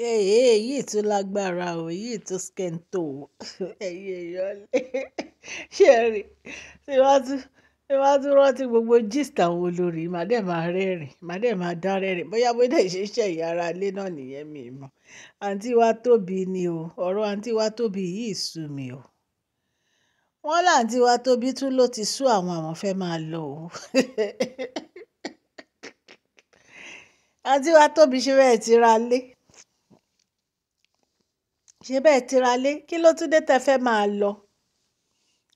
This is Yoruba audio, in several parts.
Hey, hey, yìí tún lágbára o, yìí tún skento o. Ẹ̀yin èèyàn lé. Ṣé ẹ rí? Tí wọ́n tún, tí wọ́n tún rántí gbogbo gist àwọn olórí, màá dẹ̀ máa rẹ́rìn, màá dẹ̀ máa dá rẹ́rìn. Bóyá bó dẹ̀ ṣe ṣẹ̀ ìyá ilé náà nìyẹn mi mọ̀. Àǹtí wa Tóbi ni o. Ọ̀rọ̀ àǹtí wa Tóbi yìí sú mi o. Wọ́n làǹtí wa Tóbi tún ló ti sú àwọn àwọn fẹ́ máa lọ o. Àǹtí wa Tóbi ṣe bẹ́ẹ̀ ti ra lé ṣe bẹ́ẹ̀ tira lé kí ló tún dé tẹ́ fẹ́ máa lọ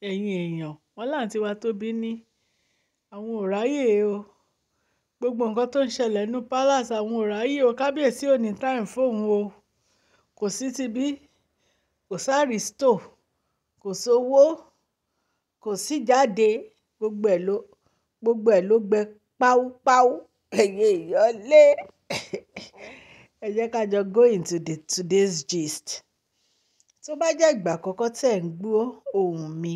ẹ̀yin èèyàn wọn láǹtí wa tóbi ní àwọn ò ráyè o gbogbo nǹkan tó ń ṣẹlẹ̀ ní palace àwọn ò ráyè o kábíyèsí ò ní time fóun o kò sí ti bí kò sáàrì stò kò sówó kò sí jáde gbogbo ẹ̀ ló gbogbo ẹ̀ ló gbẹ páúpáú ẹ̀yin èèyàn lé ẹ jẹ́ ká jọ go into the today's gist. Tó bá jẹ́ ìgbà àkọ́kọ́ tí ẹ̀ ń gbọ́ ohùn mi,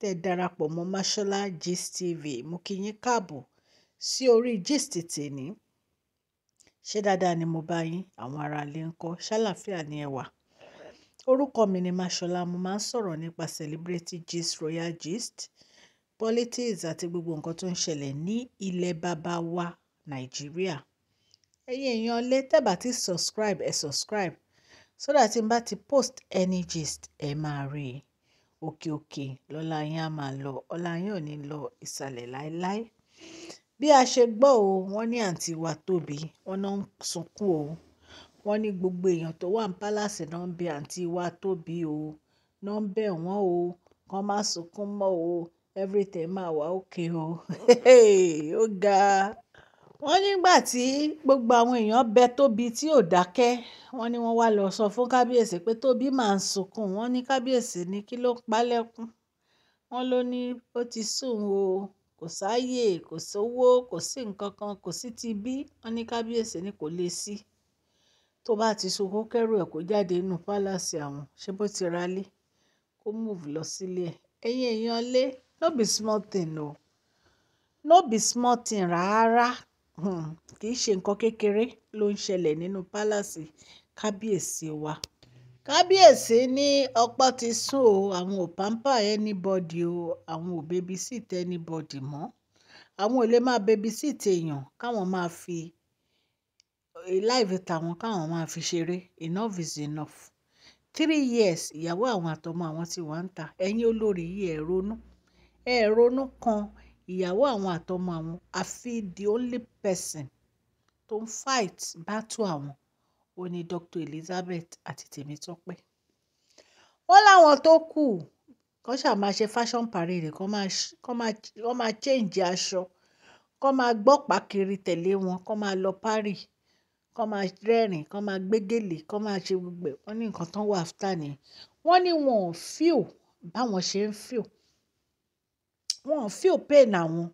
tẹ darapọ̀ mọ́ Mashola Gist TV. Mo kí yín káàbọ̀ sí orí gist tèní. Ṣé dáadáa ni mo bá yín? Àwọn ará ilé ń kọ́. Ṣálàfíà ni ẹ wà. Orúkọ mi ni Mashola. Mo máa ń sọ̀rọ̀ nípa celebrity gist, royal gist, politics àti gbogbo nǹkan tó ń ṣẹlẹ̀ ní ilẹ̀ baba wa Nàìjíríà. Ẹ̀yin èèyàn ilé, tẹ́ bá subscribe, ẹ subscribe so that tí n bá ti post any gist ẹ máa rí i òkè òkè lọ́la yín á máa lọ ọ̀la yín ò ní lọ ìsàlẹ̀ láéláé bí a ṣe gbọ́ o wọ́n ní àǹtí wa tóbi wọ́n náà ń sunkún o wọ́n ní gbogbo èèyàn tó wà ní pálásì náà ń bẹ àǹtí wa tóbi o náà ń bẹ̀ wọ́n o kàn má sunkún mọ́ o everything máa wà òkè o ó ga wọ́n nígbà tí gbogbo àwọn èèyàn bẹ tóbi tí ò dákẹ́ wọ́n ní wọ́n wá lọ sọ fún kábíyèsí pé tóbi máa ń sunkún wọ́n ní kábíyèsí ní kí ló ń palẹ́kún wọ́n ló ní ó ti sùn o kò sáàyè kò sówó kò sí nǹkan kan kò sí ti bí wọ́n ní kábíyèsí ní kò lè sí tó bá ti sunkún kẹ́rù ẹ̀ kó jáde inú pálásì àwọn ṣé bó ti ralé kó múùfù lọ sílé ẹ̀ ẹ̀yin èèyàn lé no be small thing o no be small thing rárá Hmm, kì í ṣe nǹkan kékeré ló ń ṣẹlẹ̀ nínú pálásì kábíyèsí wa kábíyèsí ní ọpọ́ ti sún o àwọn ò pàǹpà anybody o àwọn ò bẹbí sí tẹ anybody mọ́ àwọn ò lè máa bẹbí sí tèèyàn káwọn máa fi láìfi tàwọn káwọn máa fi ṣeré enough is enough three years ìyàwó àwọn àtọmọ àwọn ti wà ń ta ẹ̀yin olórí yìí ẹ ronú ẹ ronú kan ìyàwó àwọn àtọmọ àwọn àfi the only person tó ń fight battle àwọn ó ní Dr. Elizabeth àti Tèmítọ́pẹ́ wọ́n láwọn tó kù kọ́ ṣáà máa ṣe fashion parade kọ́ máa change aṣọ kọ́ máa gbọ́pàá kiri tẹ̀lé wọn kọ́ máa lọ Paris kọ́ máa rẹ́rìn kọ́ máa gbégélé kọ́ máa ṣe gbogbo ẹ̀ wọ́n ní nǹkan tán wà áfítà nìyẹn wọ́n ní wọn ò fíò báwọn ṣe ń fíò wọn ò feel pain àwọn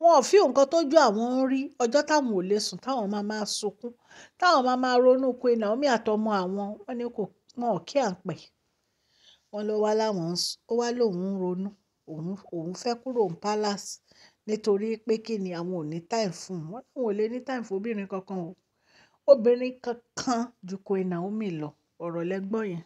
wọn ò feel nǹkan tójú àwọn ń rí ọjọ́ táwọn ò lè sùn táwọn máa máa sunkún táwọn máa máa ronú pé Naomi àtọmọ àwọn wọn ni kò wọn ò kí à ń pẹ̀ wọn ló wá láwọn ó wá lóun ń ronú òun òun fẹ́ kúrò ní palace nítorí pé kí ni àwọn ò ní time fún un wọn làwọn ò lè ní time fún obìnrin kankan o obìnrin kankan ju Queen Naomi lọ ọ̀rọ̀ lẹ́gbọ́n yẹn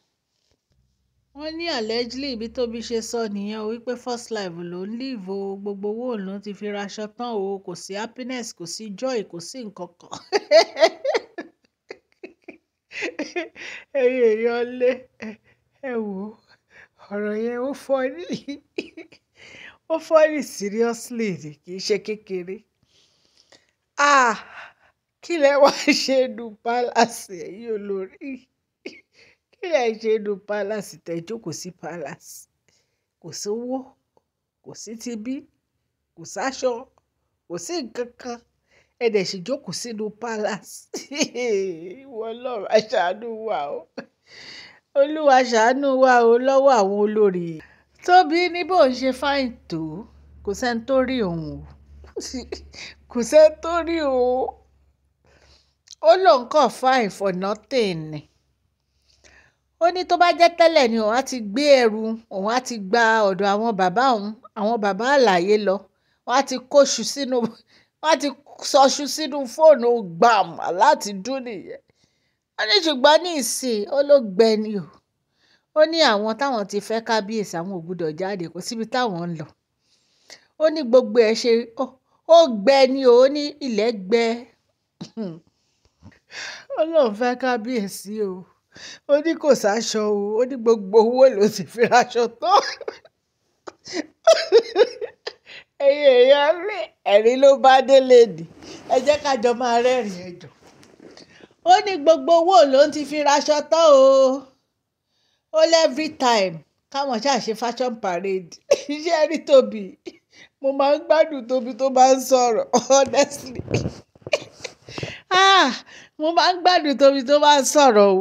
wọ́n ní allegedly ibi tóbi ṣe sọ nìyẹn o wípé firstlife lòún live o gbogbo owó lòún ti fi raṣọ tán o kò sí happiness kò sí joy kò sí nǹkan kan ẹ̀yin èèyàn lé ẹ wò ọ̀rọ̀ yẹn ó fọ́ọ̀nì ó fọ́ọ̀nì seriously ni kì í ṣe kékeré ah kí lẹ wá ṣe nu palace ẹ̀yin olórí kí lẹ ṣe nu palace tẹ́ jókòó sí palace kò sówó kò sí tibí kò sáṣọ kò sí nǹkan kan ẹ dẹ̀ sì jókòó sínú palace wọn lọ́rọ̀ aṣàánú wa o olúwa ṣàánú wa o lọ́wọ́ àwọn olórí tóbi ní bó ń ṣe fáìn tó kò sẹ́ni tó rí òun o kò sẹ́ni tó rí òun ó lóun kàn fáìn for nothing ni ó ní tó bá jẹ́ tẹ́lẹ̀ ni òun á ti gbé ẹrù òun á ti gba ọ̀dọ̀ àwọn bàbá òun àwọn bàbá àlàyé lọ wọ́n á ti kóṣù sínú wọ́n á ti sọṣù sínú fóònù gbàm láti dún nìyẹn ó ní ṣùgbọ́n ní ìsìn ó ni o ó ní àwọn táwọn ti fẹ́ kábíyèsí àwọn ò gbúdọ̀ jáde kò síbi táwọn ń lọ ó ní gbogbo ẹ̀ ṣe ó gbẹ ni o ó ní ilẹ̀ gbẹ ó lóun fẹ́ kábíyèsí o ó ní kò sáṣọ o ó ní gbogbo owó ló ti fi raṣọ tán ẹ̀yin èèyàn rí ẹ̀rín ló bá délé ni ẹ jẹ́ ká jọ máa rẹ́rìn ẹjọ́ ó ní gbogbo owó ló ti fi raṣọ tán o ó lẹ́very time káwọn ṣáà ṣe fashion parade iṣẹ́ rí tóbi mo máa ń gbádùn tóbi tó bá ń sọ̀rọ̀ honestly ah mo máa ń gbádùn tóbi tó bá ń sọ̀rọ̀ o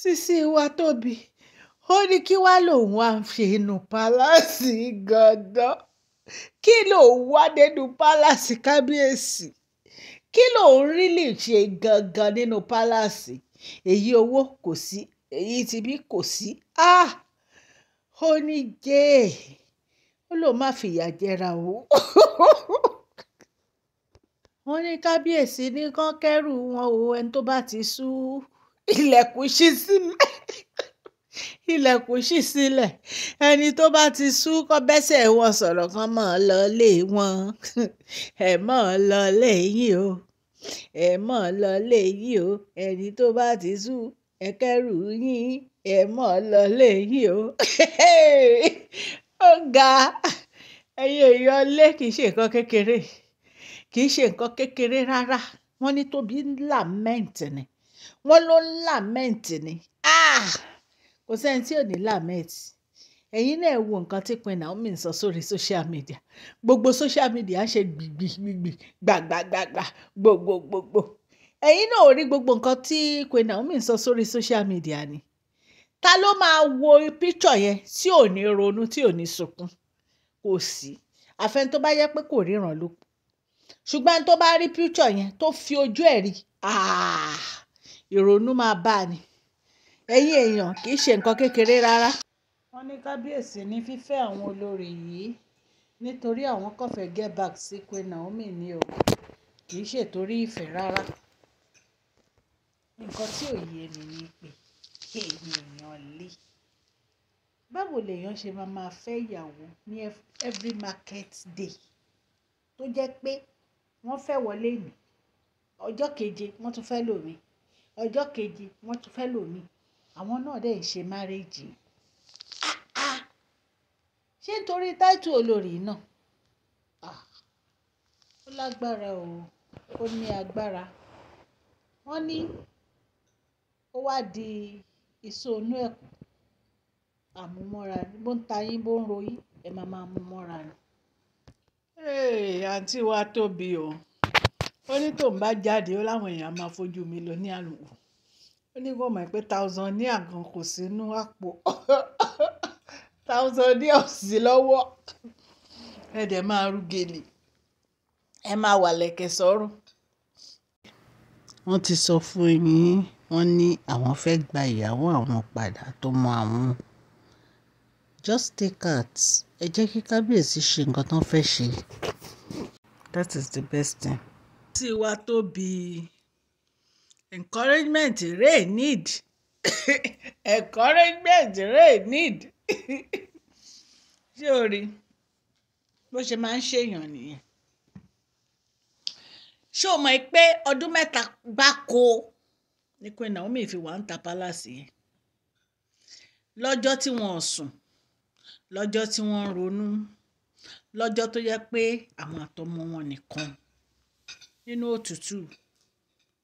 sísí wa tóbi ó ní kí wá lòun wá ń fi inú pálásì gandan kí lòun wá nínú pálásì kábíyèsí kí lòun rí lè ṣe gangan nínú pálásì èyí owó kò sí èyí tí bí kò sí ah ó ní jẹ́ ó lòun má fìyà jẹra o wọ́n ní kábíyèsí ní kán kẹ́rù wọn o ẹni tó bá ti sú ilẹ̀kùn ṣí sílẹ̀ ilẹ̀kùn ṣí sílẹ̀ ẹni tó bá ti sú kọ́ bẹ́sẹ̀ wọn sọ̀rọ̀ kan mọ̀ ọ́ lọ lé wọn ẹ̀ mọ̀ ọ́ lọ lé yín o ẹ̀ mọ̀ ọ́ lọ lé yín o ẹni tó bá ti sú ẹ̀kẹ́rù yín ẹ̀ mọ̀ ọ́ lọ lé yín o ó ga ẹ̀yin èèyàn lé ṣe nǹkan kékeré kì ṣe nǹkan kékeré rárá wọ́n ní tóbi ń lament ni wọ́n ló ń lament ni ah kò sẹ́ni tí ò ní lament ẹ̀yin náà wo nǹkan tí Queen Naomi ń sọ sórí social media gbogbo social media ṣe gbìgbìgbìgbì gbàgbàgbàgbà gbogbogbò ẹ̀yin náà ò rí gbogbo nǹkan tí Queen Naomi ń sọ sórí social media ni ta ló máa wo píkṣọ̀ yẹn tí ò ní ronú tí ò ní sunkún kò sí àfẹn tó bá yẹ pé kò ríran ló ṣùgbọ́n tó bá rí píkṣọ̀ yẹn tó fi ojú ẹ̀ rí ah! ìrònú máa bá a ni ẹ̀yin èèyàn kì í ṣe nǹkan kékeré rárá. wọ́n ní kábíyèsí ní fífẹ́ àwọn olórí yìí nítorí àwọn kò get back sí Queen Naomi ni o kì í ṣe torí ìfẹ́ rárá nǹkan tí ò yé mi ni pé èèyàn lè báwo lèèyàn ṣe máa máa fẹ́ ìyàwó ní every market day tó jẹ́ pé wọ́n fẹ́ wọlé mi ọjọ́ keje wọ́n tún fẹ́ lò mí ọjọ́ kejì wọ́n tún fẹ́ lòmíì àwọn náà dẹ̀ ń ṣe márèèjì ṣé nítorí táìtù olórí náà ah, ó lágbára o ó ní agbára wọ́n ní ó wá di èso inú ẹ̀kọ́ àmúmọ́ra ni bó ń ta yín bó ń ro yín ẹ máa máa mú mọ́ra ni. àǹtí wa tóbi o. Ó ní tóun bá jáde, ó láwọn èèyàn máa fojú mi lọ ní àlùwò. Ó ní kó mọ̀ pé tausaníà gan kò sí nínú àpò. Tausaníà ò sí lọ́wọ́. Ẹ dẹ̀ máa rú gèlè. Ẹ máa wà lẹ̀kẹ̀ sọ́rùn. Wọ́n ti sọ fún yín, wọ́n ní àwọn fẹ́ gba ìyàwó àwọn padà tó mọ àwọn. Just take out. Ẹ jẹ́ kí kábíyèsí ṣe nǹkan tó fẹ́ ṣe. That is the best thing tiwa tóbi encouragement rẹ̀ need encouragement rẹ̀ need ṣé o rí bó ṣe máa ń ṣèyàn nìyẹn ṣé o mọ̀ pé ọdún mẹ́ta gbáko ni Queen Naomi fi wà ń ta palace yẹn lọ́jọ́ tí wọ́n sùn lọ́jọ́ tí wọ́n ronú lọ́jọ́ tó yẹ pé àwọn àtọmọ wọn nìkan nínú òtútù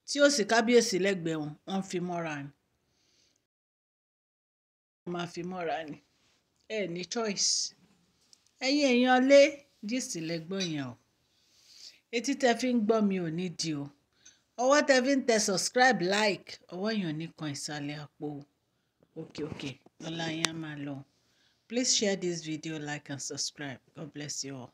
tí ó sì kábíyèsí lẹ́gbẹ̀ẹ́ wọn wọ́n fi mọ́ra ni wọ́n máa fi mọ́ra ni ẹ ní choice ẹ̀yin èèyàn lé gist lẹ́gbọ́n yẹn o etí tẹ fi ń gbọ́ mi ò ní di o ọwọ́ tẹ fi ń tẹ subscribe like ọwọ́ yẹn ò ní kan ìsàlẹ̀ àpò òkè òkè ọlá yẹn á máa lọ please share this video like and subscribe god bless you all.